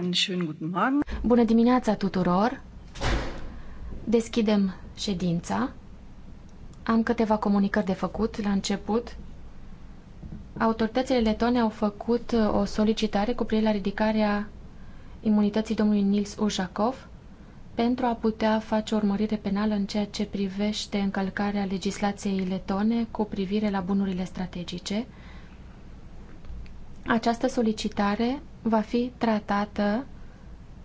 discussion? Bună dimineața tuturor! Deschidem ședința. Am câteva comunicări de făcut la început. Autoritățile letone au făcut uh, o solicitare cu privire la ridicarea imunității domnului Nils Ușakov pentru a putea face o urmărire penală în ceea ce privește încălcarea legislației letone cu privire la bunurile strategice. Această solicitare va fi tratată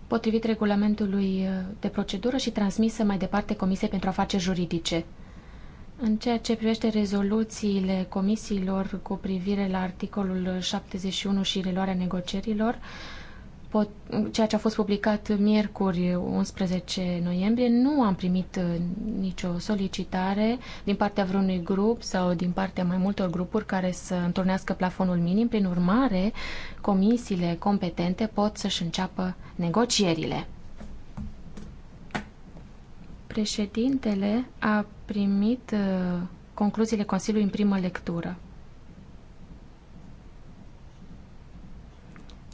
potrivit regulamentului uh, de procedură și transmisă mai departe Comisiei pentru Afaceri Juridice. În ceea ce privește rezoluțiile comisiilor cu privire la articolul 71 și reluarea negocierilor, pot, ceea ce a fost publicat miercuri 11 noiembrie, nu am primit uh, nicio solicitare din partea vreunui grup sau din partea mai multor grupuri care să întornească plafonul minim. Prin urmare, comisiile competente pot să-și înceapă negocierile. Președintele a primit uh, concluziile Consiliului în primă lectură.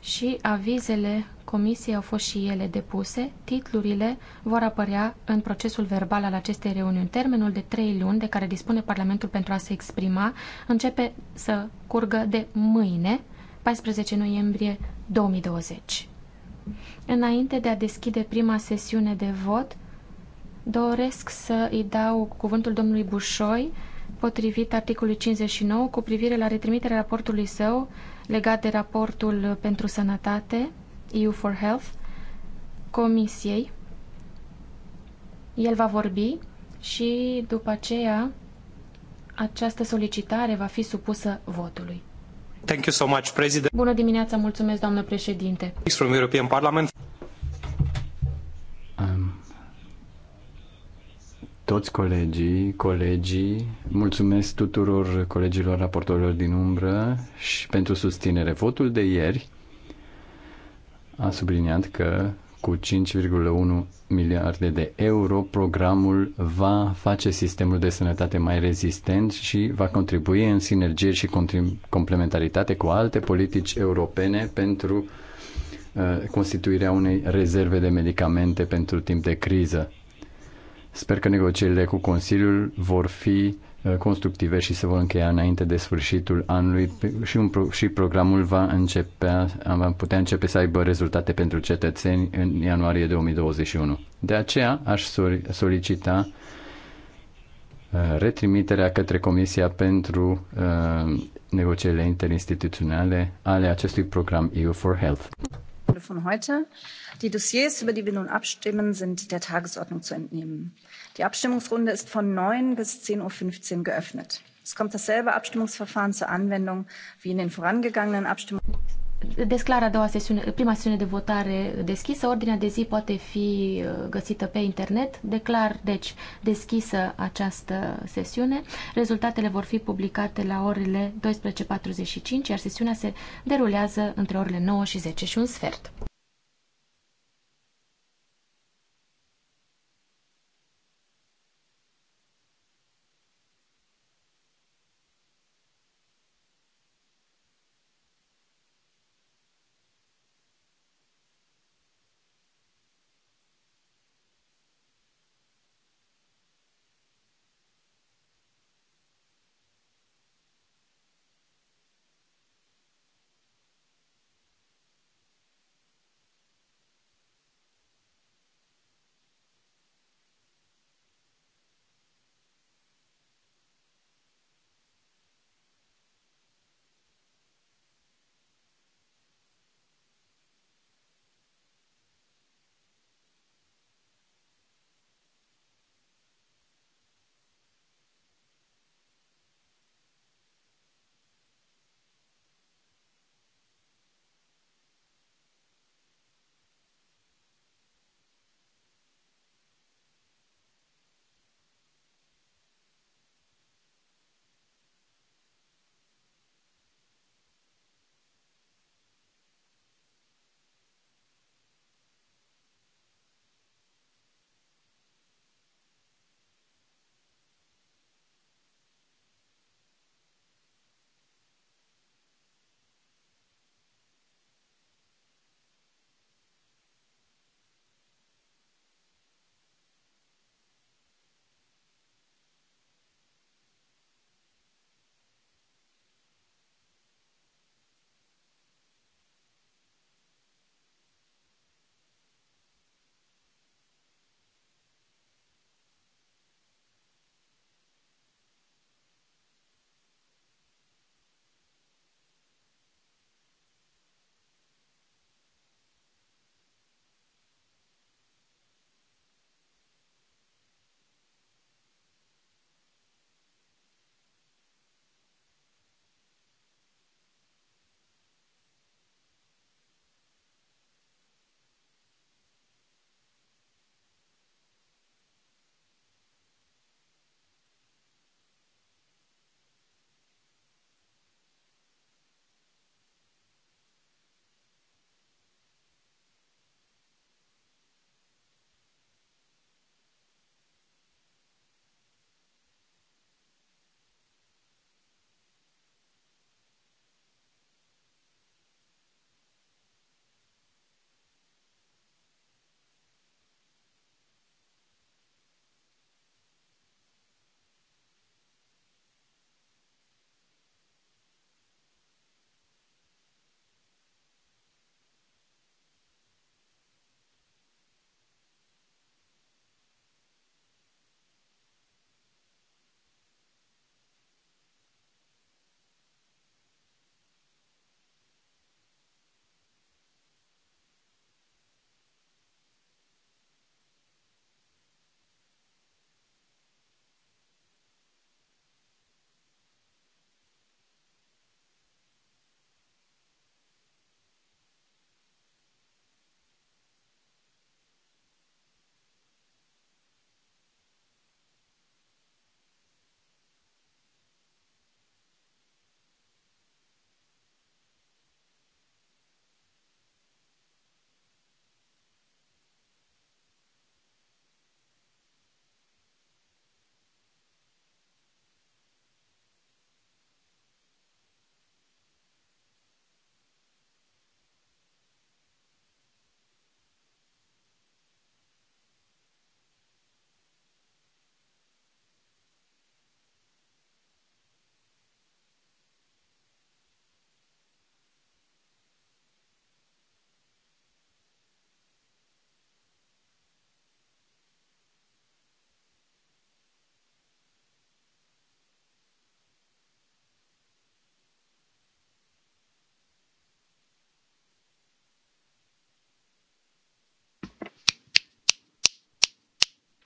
și avizele comisiei au fost și ele depuse. Titlurile vor apărea în procesul verbal al acestei reuniuni. Termenul de trei luni de care dispune Parlamentul pentru a se exprima începe să curgă de mâine, 14 noiembrie 2020. Înainte de a deschide prima sesiune de vot, doresc să îi dau cuvântul domnului Bușoi, potrivit articolului 59, cu privire la retrimiterea raportului său legat de raportul pentru sănătate, EU for Health, Comisiei. El va vorbi și după aceea această solicitare va fi supusă votului. Thank you so much, President. Bună dimineața, mulțumesc, doamnă președinte. From European Parliament. toți colegii, colegii, mulțumesc tuturor colegilor raportorilor din umbră și pentru susținere. Votul de ieri a subliniat că cu 5,1 miliarde de euro programul va face sistemul de sănătate mai rezistent și va contribui în sinergie și complementaritate cu alte politici europene pentru uh, constituirea unei rezerve de medicamente pentru timp de criză Sper că negocierile cu Consiliul vor fi uh, constructive și se vor încheia înainte de sfârșitul anului și, un pro- și programul va, începea, va putea începe să aibă rezultate pentru cetățeni în ianuarie 2021. De aceea aș solicita uh, retrimiterea către Comisia pentru uh, negocierile interinstituționale ale acestui program EU for Health die dossiers über die wir nun abstimmen sind der tagesordnung zu entnehmen. die abstimmungsrunde ist von. 9 bis. 10.15 uhr geöffnet. es kommt dasselbe abstimmungsverfahren zur anwendung wie in den vorangegangenen abstimmungen. Desclar a doua sesiune, prima sesiune de votare deschisă. Ordinea de zi poate fi uh, găsită pe internet. Declar, deci, deschisă această sesiune. Rezultatele vor fi publicate la orele 12.45, iar sesiunea se derulează între orele 9 și 10 și un sfert.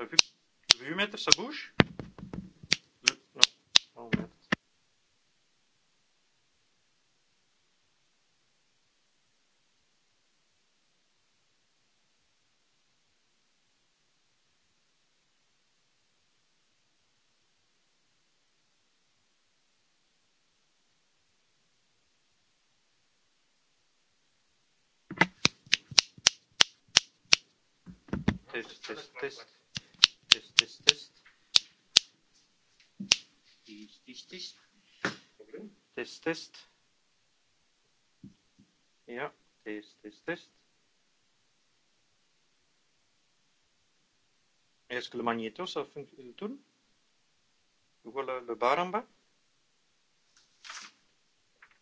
vu, vu mettre sa bouche Le, Non, oh merde. test, test, test test, test, test. Test, test, test. Problem? Test, test. Ja, test, test, test. Est-ce que le magnéto, ça fonctionne, tourne vois le bar en bas.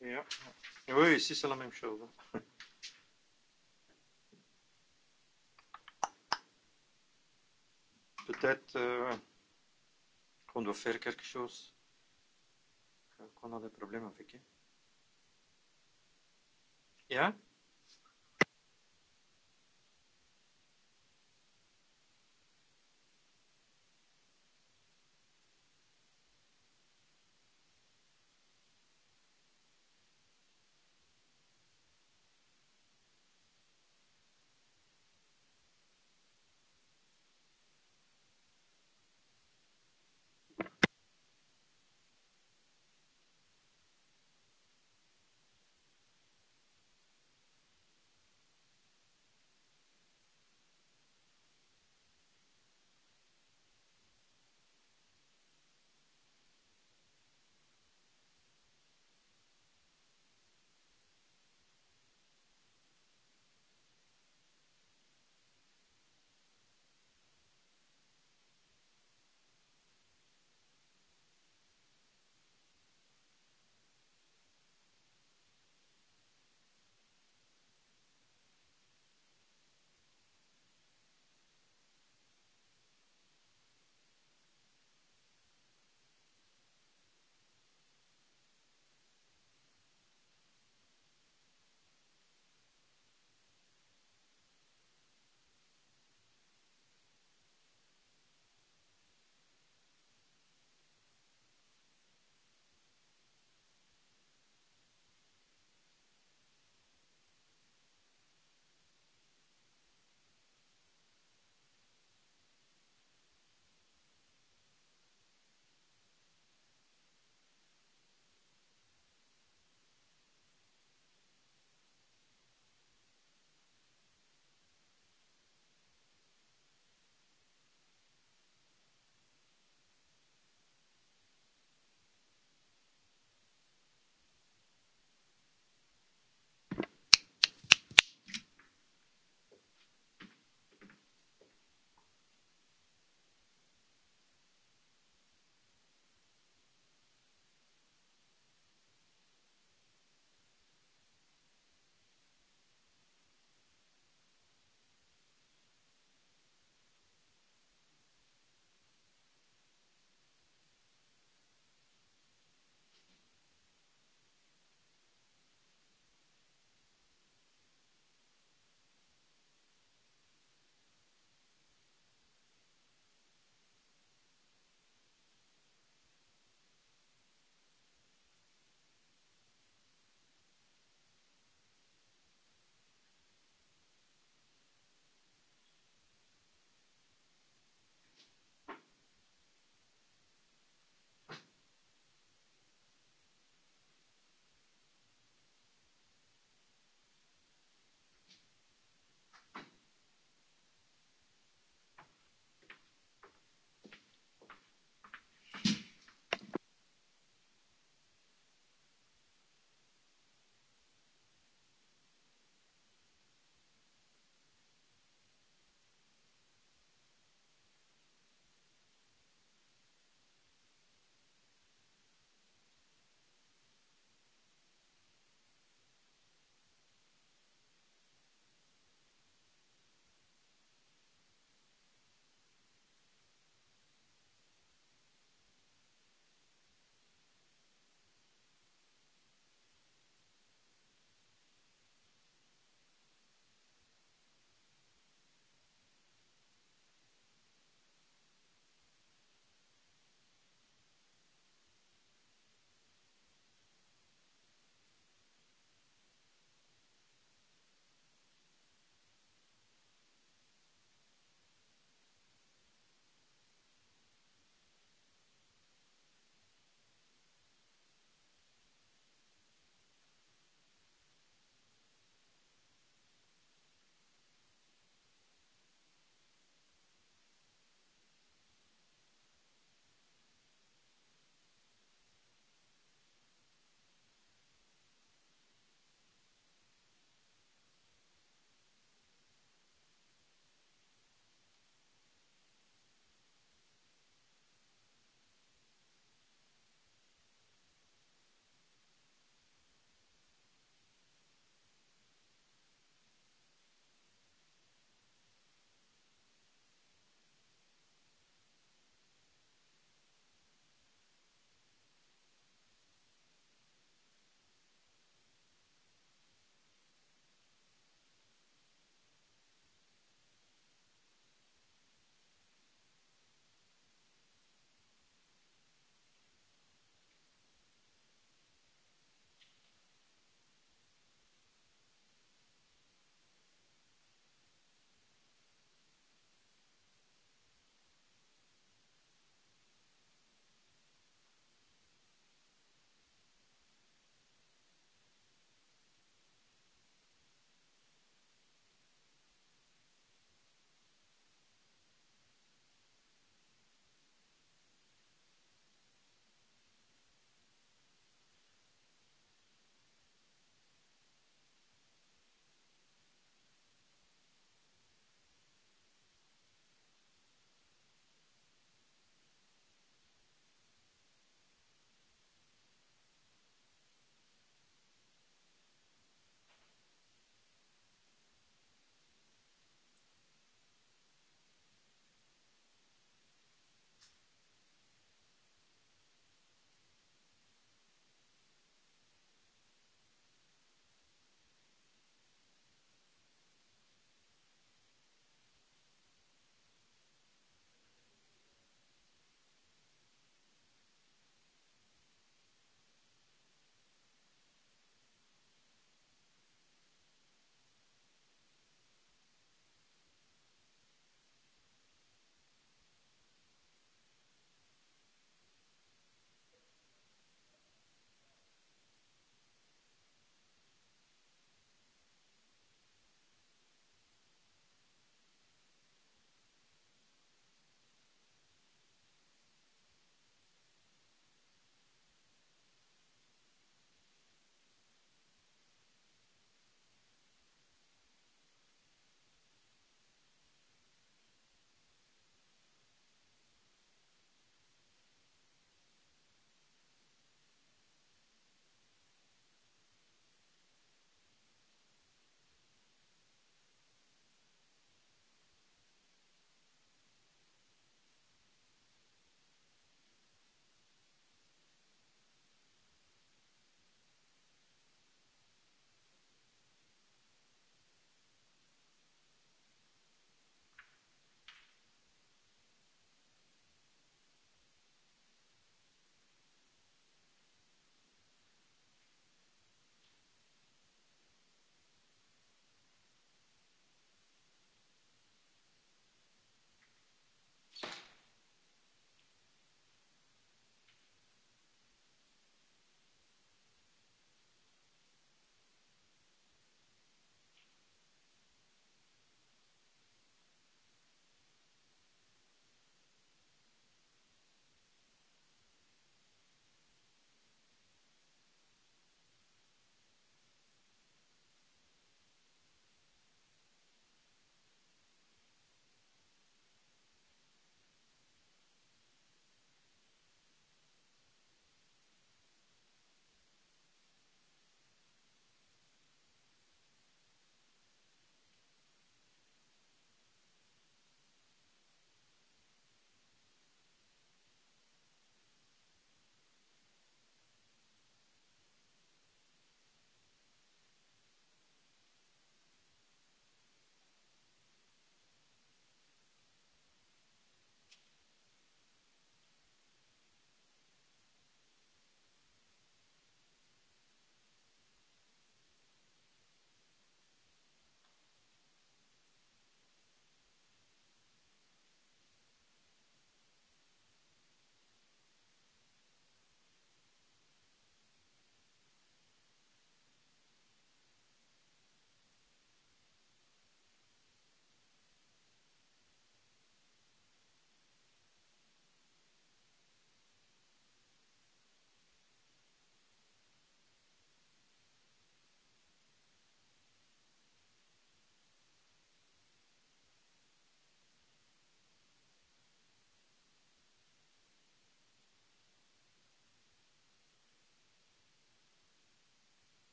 Ja. Oui, ici c'est la même chose. Peut-être euh, qu'on doit faire quelque chose, qu'on a des problèmes avec eux. Yeah?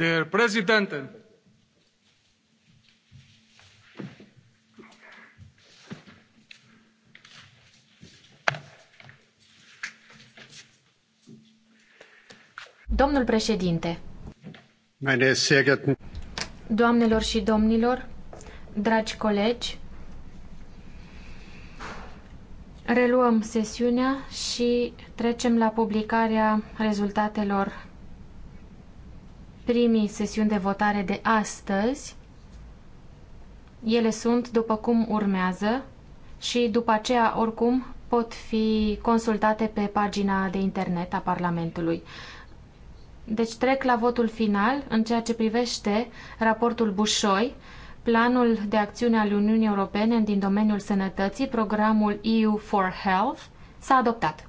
der präsidentin! Domnul președinte, meine sehr geehrten Doamnelor și domnilor, dragi colegi, reluăm sesiunea și trecem la publicarea rezultatelor primii sesiuni de votare de astăzi. Ele sunt după cum urmează și după aceea, oricum, pot fi consultate pe pagina de internet a Parlamentului. Deci trec la votul final în ceea ce privește raportul Bușoi, planul de acțiune al Uniunii Europene din domeniul sănătății, programul EU for Health, s-a adoptat.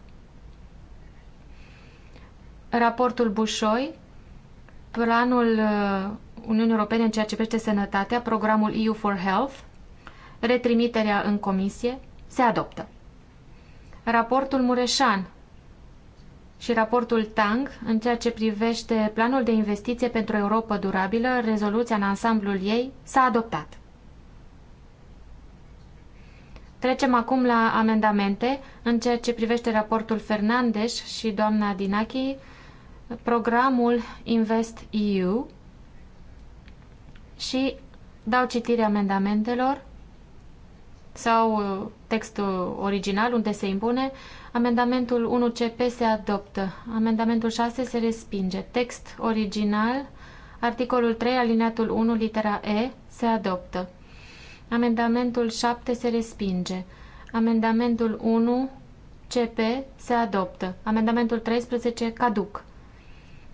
Raportul Bușoi planul uh, Uniunii Europene în ceea ce privește sănătatea, programul EU for Health, retrimiterea în comisie, se adoptă. Raportul Mureșan și raportul TANG în ceea ce privește planul de investiție pentru Europa durabilă, rezoluția în ansamblul ei, s-a adoptat. Trecem acum la amendamente în ceea ce privește raportul Fernandes și doamna Dinachi, programul InvestEU și dau citire amendamentelor sau uh, textul original unde se impune. Amendamentul 1CP se adoptă. Amendamentul 6 se respinge. Text original, articolul 3, alineatul 1, litera E, se adoptă. Amendamentul 7 se respinge. Amendamentul 1 CP se adoptă. Amendamentul 13 caduc.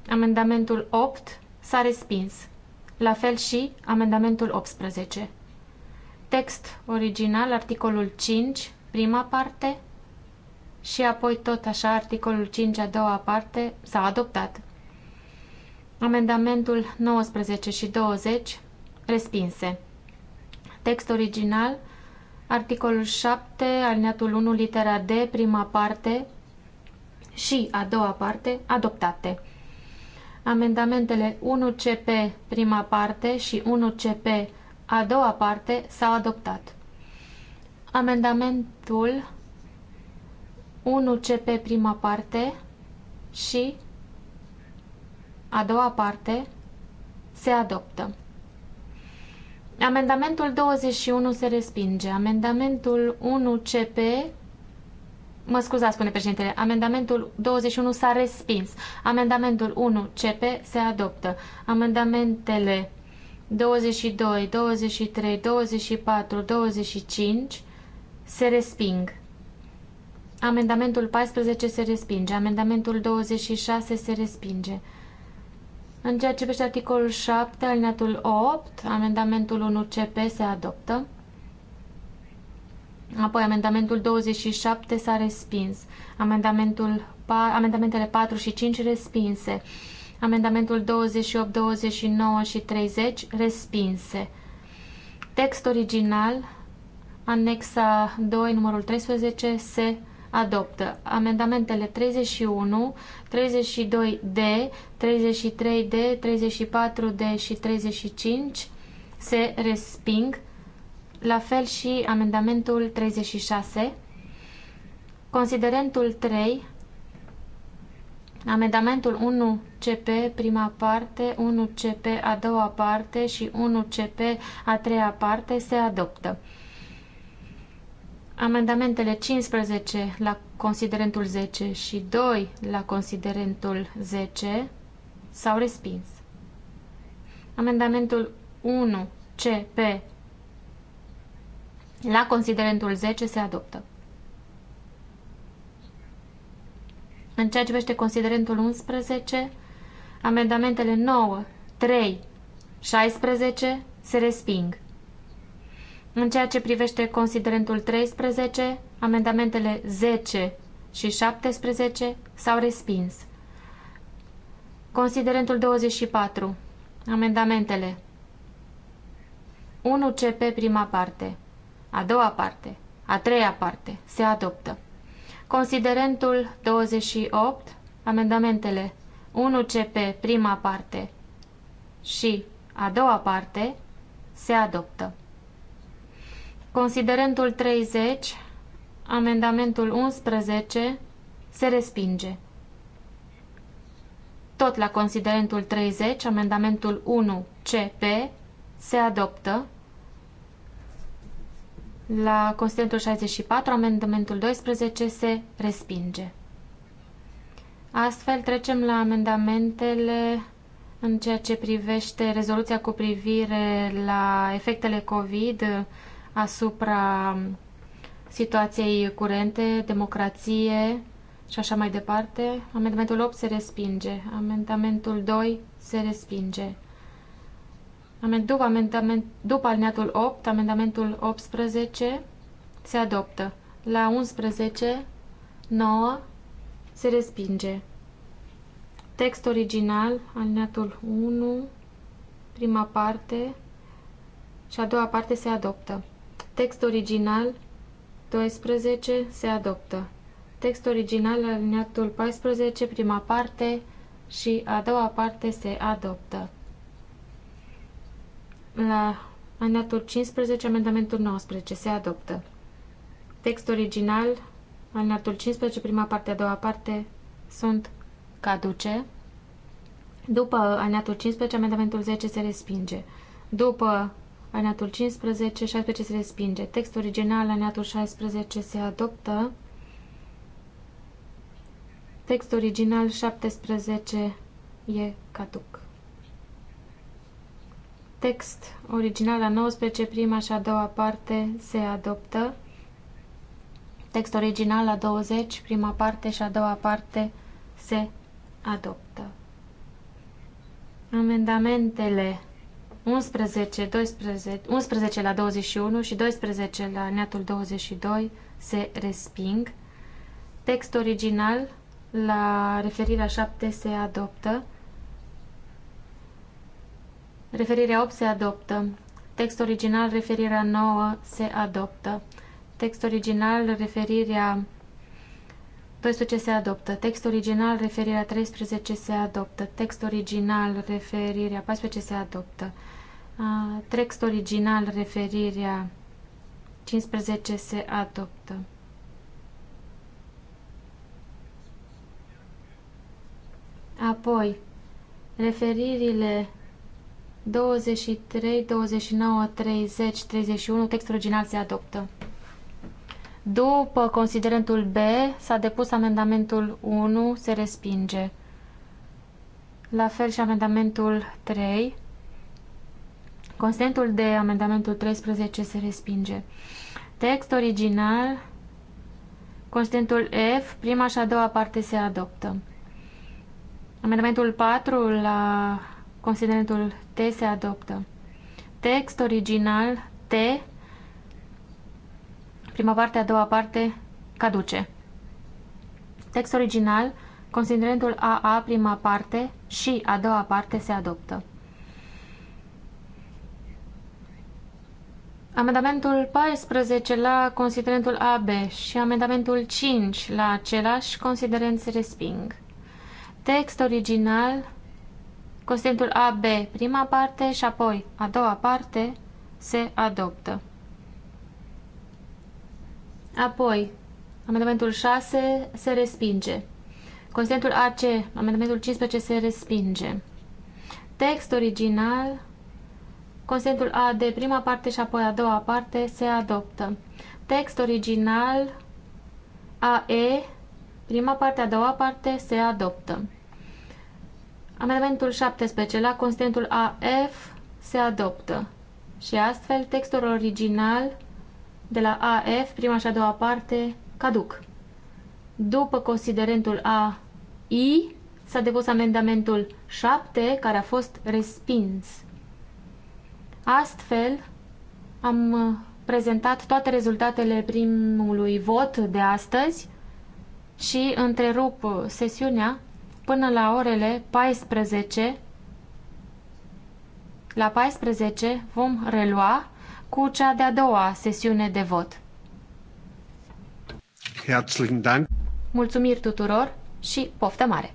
Amendamentul 8 s-a respins. La fel și amendamentul 18. Text original, articolul 5, prima parte, și apoi tot așa articolul 5, a doua parte, s-a adoptat. Amendamentul 19 și 20 respinse. Text original, articolul 7, alineatul 1, litera D, prima parte și a doua parte, adoptate. Amendamentele 1CP prima parte și 1CP a doua parte s-au adoptat. Amendamentul 1CP prima parte și a doua parte se adoptă. Amendamentul 21 se respinge. Amendamentul 1CP Mă scuzați, spune președintele, amendamentul 21 s-a respins. Amendamentul 1 CP se adoptă. Amendamentele 22, 23, 24, 25 se resping. Amendamentul 14 se respinge. Amendamentul 26 se respinge. În ceea ce privește articolul 7, alineatul 8, amendamentul 1 CP se adoptă. Apoi amendamentul 27 s-a respins. Amendamentul, amendamentele 4 și 5 respinse. Amendamentul 28, 29 și 30 respinse. Text original, anexa 2, numărul 13, se adoptă. Amendamentele 31, 32D, 33D, 34D și 35 se resping la fel și amendamentul 36, considerentul 3, amendamentul 1CP prima parte, 1CP a doua parte și 1CP a treia parte se adoptă. Amendamentele 15 la considerentul 10 și 2 la considerentul 10 s-au respins. Amendamentul 1 CP la considerentul 10 se adoptă. În ceea ce vește considerentul 11, amendamentele 9, 3, 16 se resping. În ceea ce privește considerentul 13, amendamentele 10 și 17 s-au respins. Considerentul 24. Amendamentele 1 CP prima parte a doua parte. A treia parte. Se adoptă. Considerentul 28, amendamentele 1 CP, prima parte și a doua parte, se adoptă. Considerentul 30, amendamentul 11, se respinge. Tot la considerentul 30, amendamentul 1 CP, se adoptă la considerentul 64, amendamentul 12 se respinge. Astfel trecem la amendamentele în ceea ce privește rezoluția cu privire la efectele COVID asupra situației curente, democrație și așa mai departe. Amendamentul 8 se respinge. Amendamentul 2 se respinge. Amendou, amendament, după alineatul 8, amendamentul 18 se adoptă. La 11, 9 se respinge. Text original, alineatul 1, prima parte și a doua parte se adoptă. Text original, 12 se adoptă. Text original, alineatul 14, prima parte și a doua parte se adoptă. La mandatul 15, amendamentul 19 se adoptă. Text original, mandatul 15, prima parte, a doua parte sunt caduce. După anatul 15, amendamentul 10 se respinge. După anatul 15, 16 se respinge. Textul original, anatul 16 se adoptă. Textul original, 17 e caduc. Text original la 19, prima și a doua parte se adoptă. Text original la 20, prima parte și a doua parte se adoptă. Amendamentele 11, 12, 11 la 21 și 12 la neatul 22 se resping. Text original la referirea 7 se adoptă. Referirea 8 se adoptă. Text original, referirea 9 se adoptă. Text original, referirea 12 se adoptă. Text original, referirea 13 se adoptă. Text original, referirea 14 se adoptă. Text original, referirea 15 se adoptă. Apoi, referirile 23, 29, 30, 31, textul original se adoptă. După considerentul B, s-a depus amendamentul 1, se respinge. La fel și amendamentul 3. Considerentul de amendamentul 13 se respinge. Text original, considerentul F, prima și a doua parte se adoptă. Amendamentul 4 la Considerentul T se adoptă. Text original T, prima parte, a doua parte, caduce. Text original, considerentul AA, prima parte și a doua parte se adoptă. Amendamentul 14 la considerentul AB și amendamentul 5 la același considerent se resping. Text original Consentul AB, prima parte și apoi a doua parte se adoptă. Apoi, amendamentul 6 se respinge. Consentul AC, amendamentul 15 se respinge. Text original, consentul AD, prima parte și apoi a doua parte se adoptă. Text original AE, prima parte, a doua parte se adoptă. Amendamentul 17 la constantul AF se adoptă și astfel textul original de la AF, prima și a doua parte, caduc. După considerentul AI s-a depus amendamentul 7 care a fost respins. Astfel am prezentat toate rezultatele primului vot de astăzi și întrerup sesiunea până la orele 14. La 14 vom relua cu cea de-a doua sesiune de vot. Herzlichen Dank! Mulțumiri tuturor și poftă mare!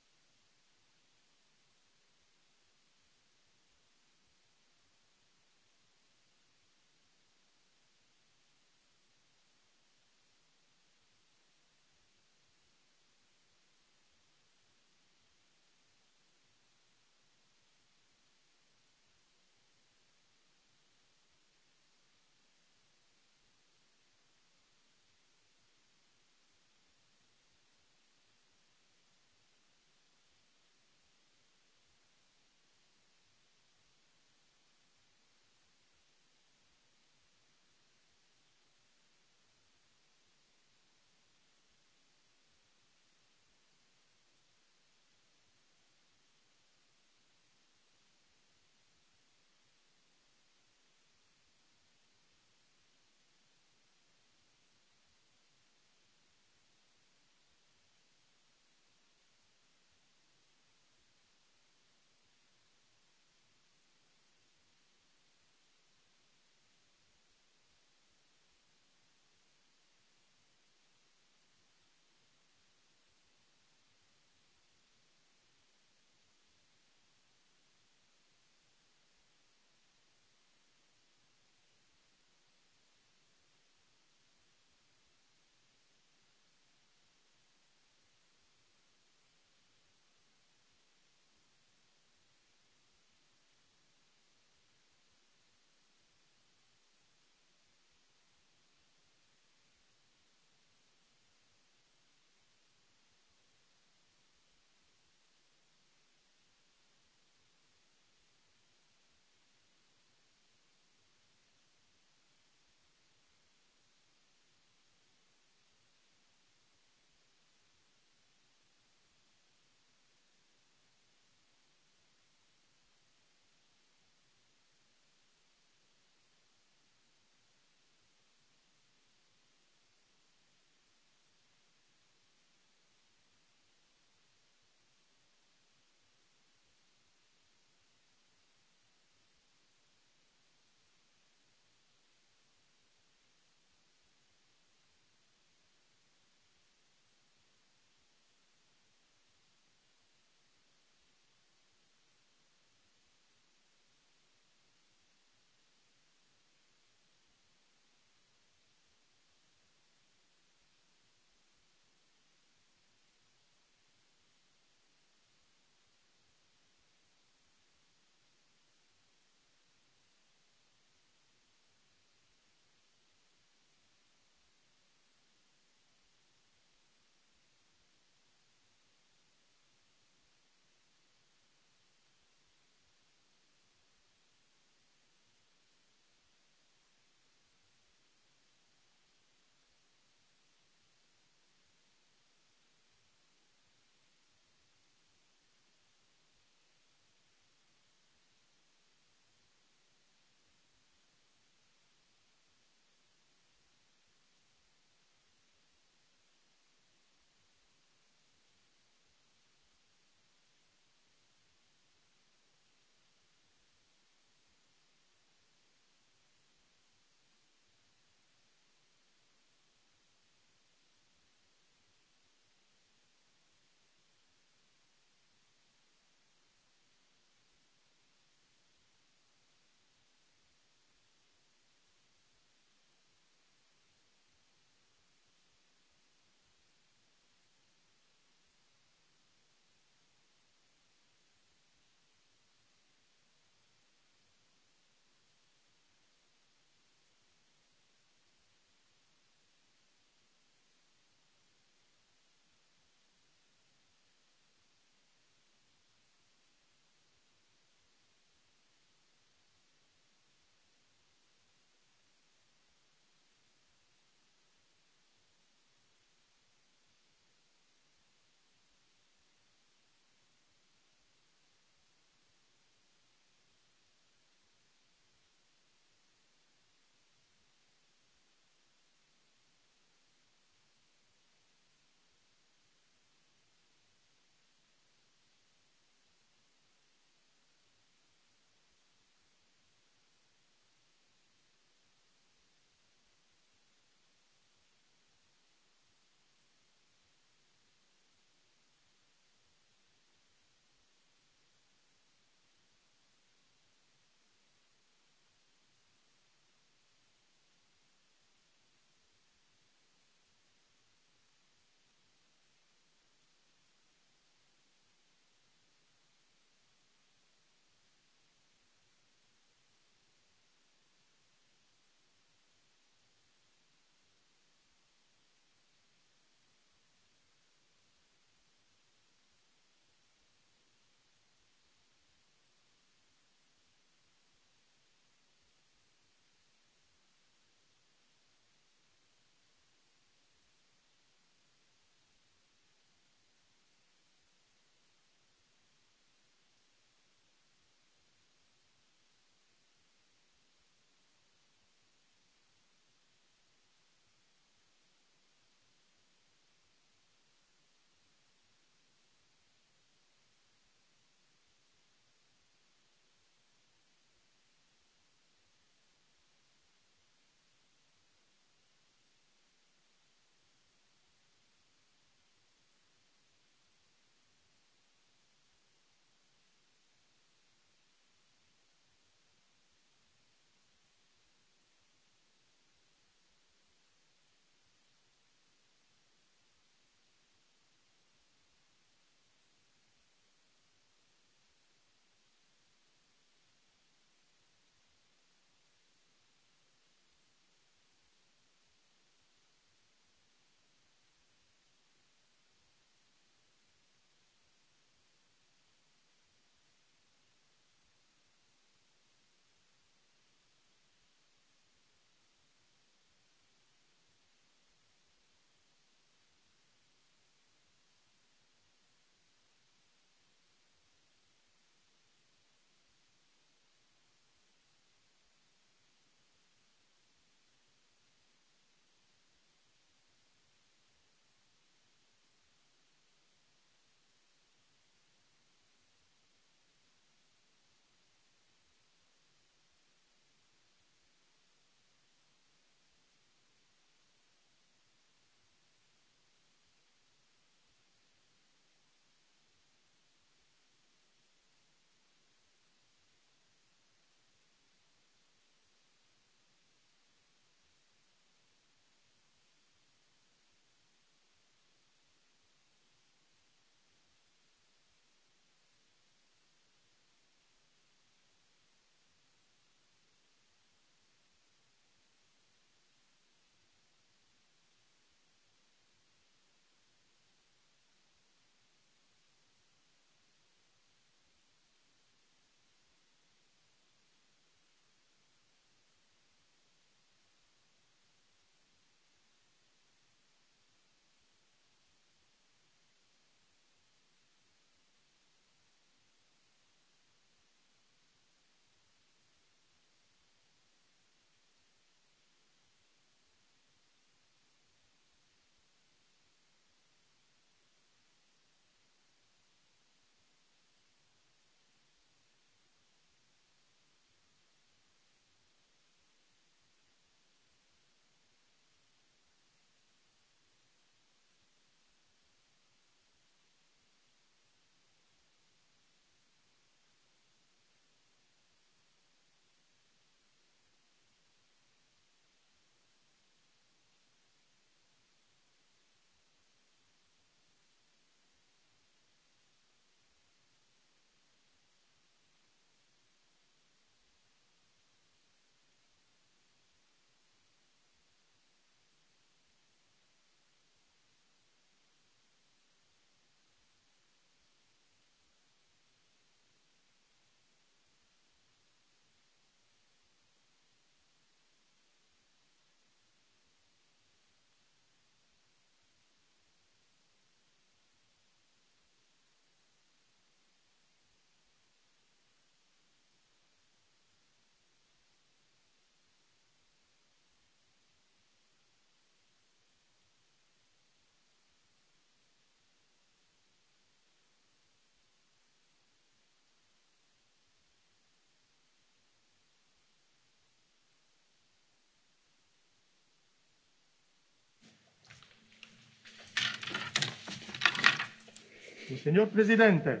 Signor Presidente.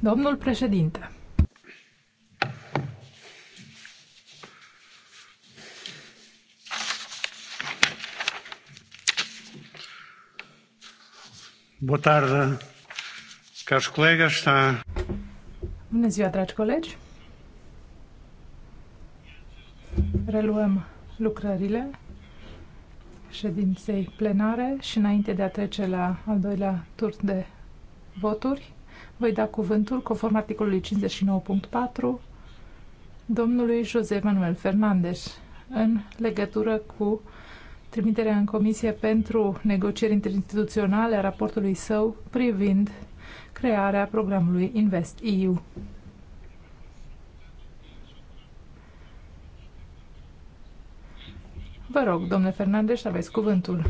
Domnul președinte. Boa tarde, caros colegas. Está... Bună ziua, dragi colegi. Reluăm lucrările ședinței plenare și înainte de a trece la al doilea tur de voturi, voi da cuvântul, conform articolului 59.4, domnului José Manuel Fernández în legătură cu trimiterea în comisie pentru negocieri interinstituționale a raportului său privind crearea programului InvestEU. Vă rog, domnule Fernandez, aveți cuvântul.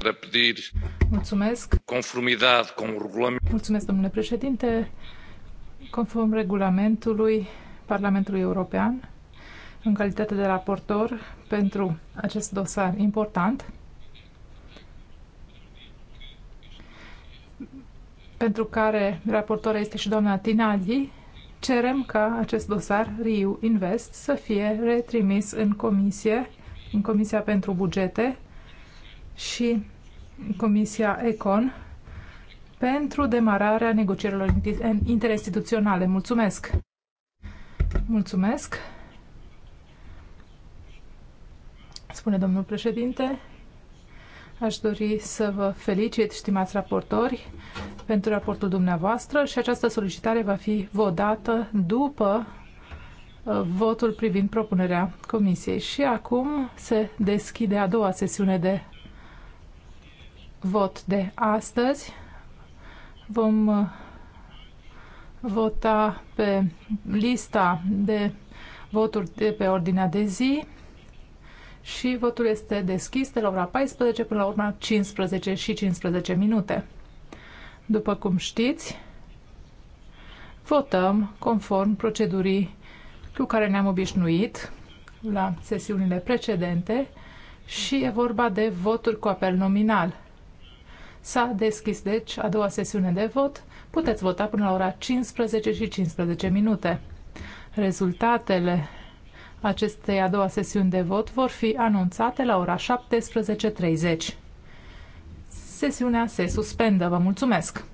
Mulțumesc. Conformidad cu regulament. Mulțumesc, domnule președinte. Conform regulamentului Parlamentului European, în calitate de raportor pentru acest dosar important, pentru care raportoarea este și doamna Tinaghi, cerem ca acest dosar RIU Invest să fie retrimis în comisie în Comisia pentru Bugete și Comisia Econ pentru demararea negocierilor interinstituționale. Mulțumesc! Mulțumesc! Spune domnul președinte, aș dori să vă felicit, stimați raportori, pentru raportul dumneavoastră și această solicitare va fi votată după Uh, votul privind propunerea Comisiei. Și acum se deschide a doua sesiune de vot de astăzi. Vom uh, vota pe lista de voturi de pe ordinea de zi și votul este deschis de la ora 14 până la urma 15 și 15 minute. După cum știți, votăm conform procedurii cu care ne-am obișnuit la sesiunile precedente și e vorba de voturi cu apel nominal. S-a deschis, deci, a doua sesiune de vot. Puteți vota până la ora 15 și 15 minute. Rezultatele acestei a doua sesiuni de vot vor fi anunțate la ora 17.30. Sesiunea se suspendă. Vă mulțumesc!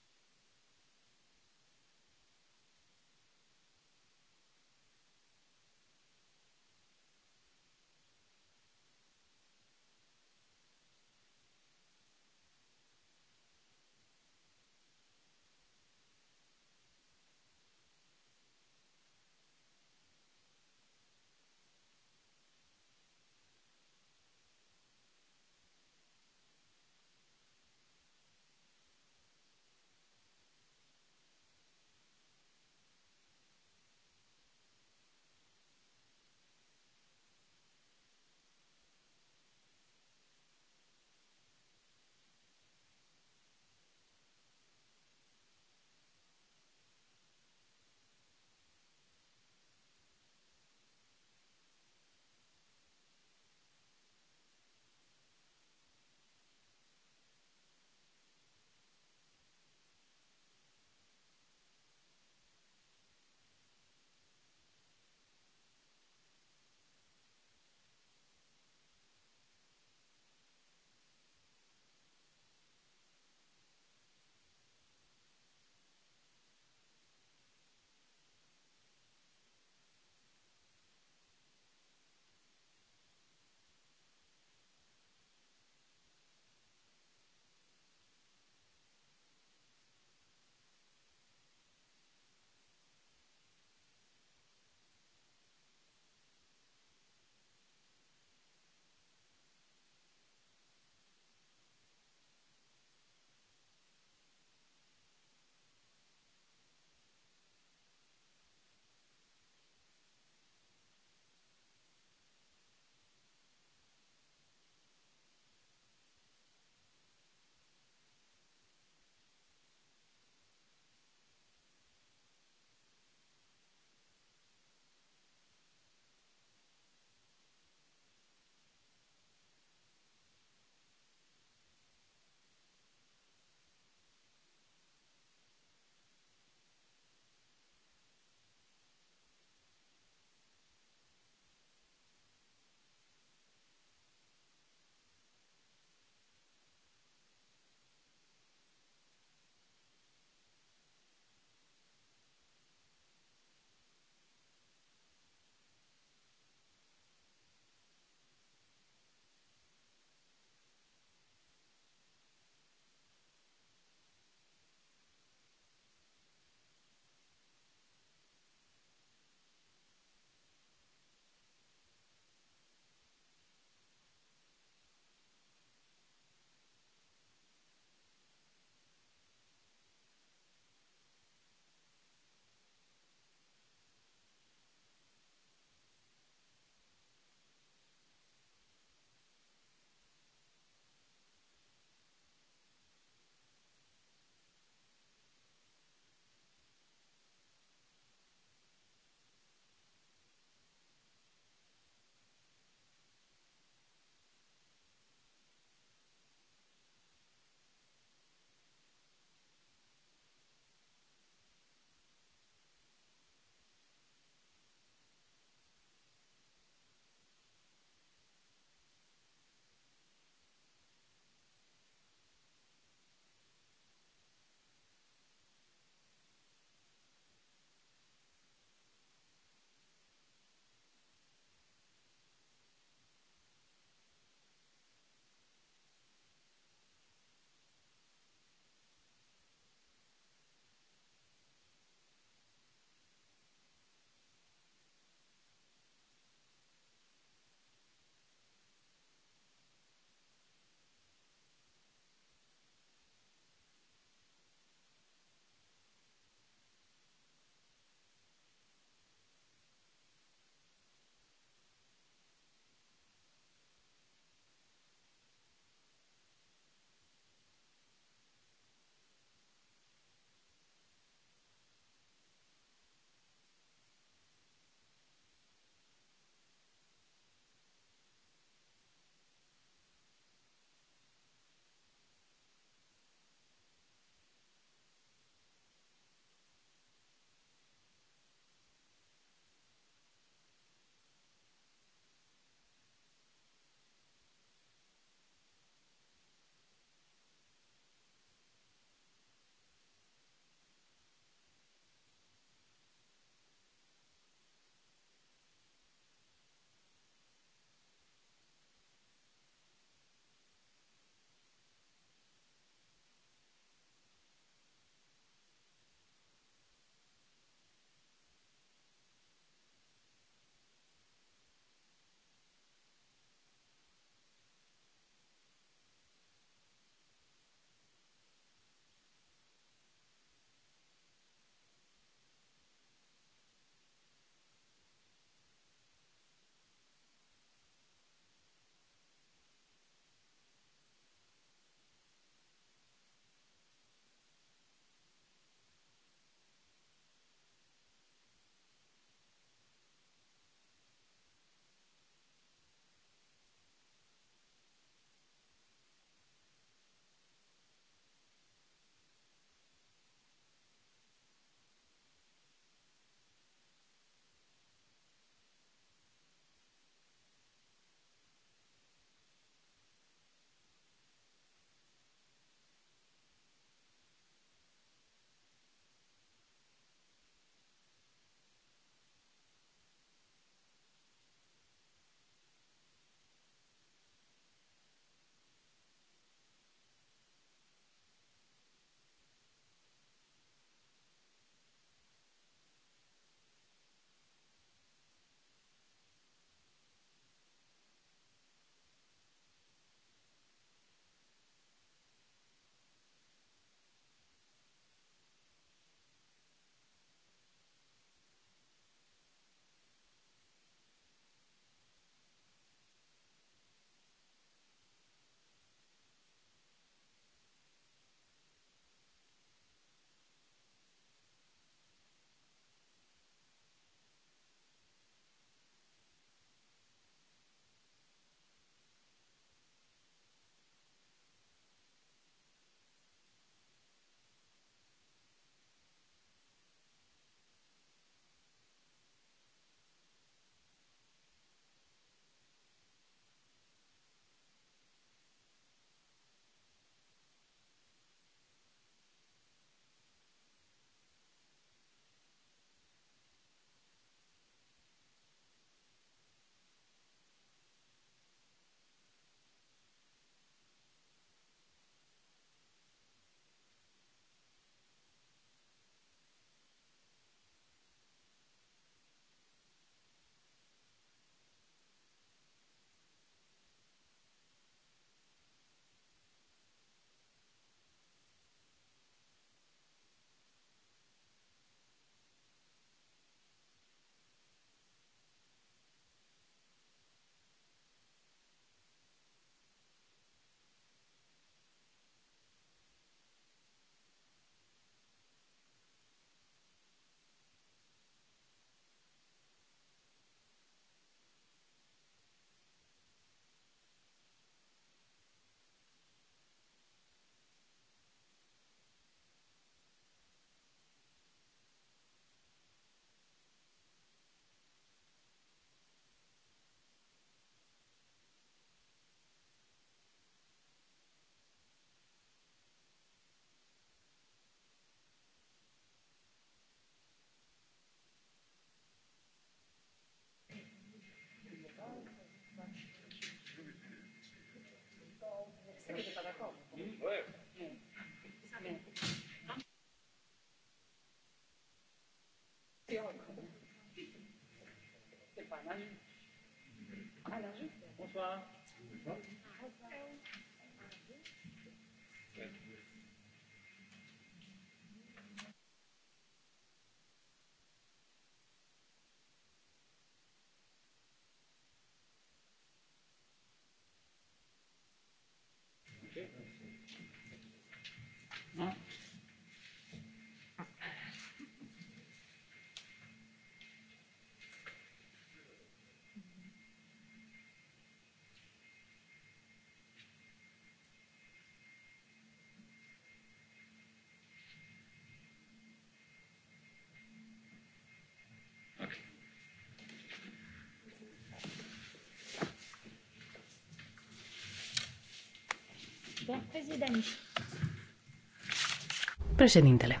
Președintele.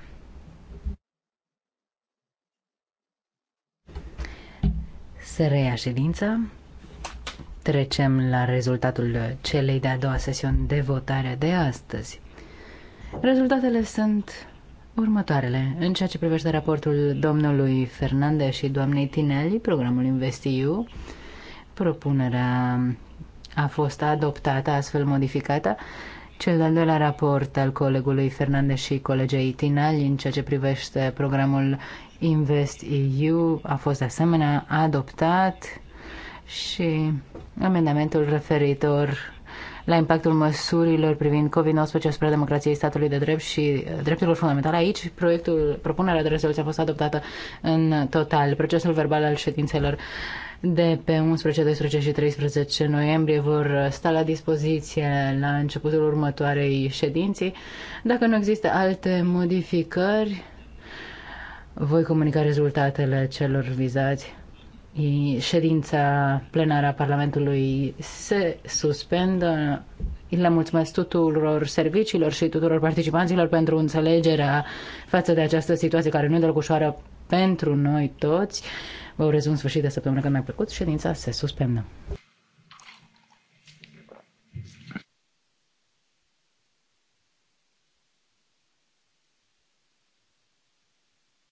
Se reia ședința. Trecem la rezultatul celei de-a doua sesiuni de votare de astăzi. Rezultatele sunt următoarele. În ceea ce privește raportul domnului Fernandez și doamnei Tinelli, programul InvestiU, propunerea a fost adoptată, astfel modificată. Cel de-al doilea raport al colegului Fernandez și colegei Tinali în ceea ce privește programul Invest EU a fost de asemenea adoptat și amendamentul referitor la impactul măsurilor privind COVID-19 asupra democrației statului de drept și uh, drepturilor fundamentale. Aici, proiectul, propunerea de rezoluție a fost adoptată în total. Procesul verbal al ședințelor de pe 11, 12 și 13 noiembrie vor sta la dispoziție la începutul următoarei ședinții. Dacă nu există alte modificări, voi comunica rezultatele celor vizați ședința plenară a Parlamentului se suspendă. Le mulțumesc tuturor serviciilor și tuturor participanților pentru înțelegerea față de această situație care nu e deloc ușoară pentru noi toți. Vă urez un sfârșit de săptămână cât mai plăcut. Ședința se suspendă.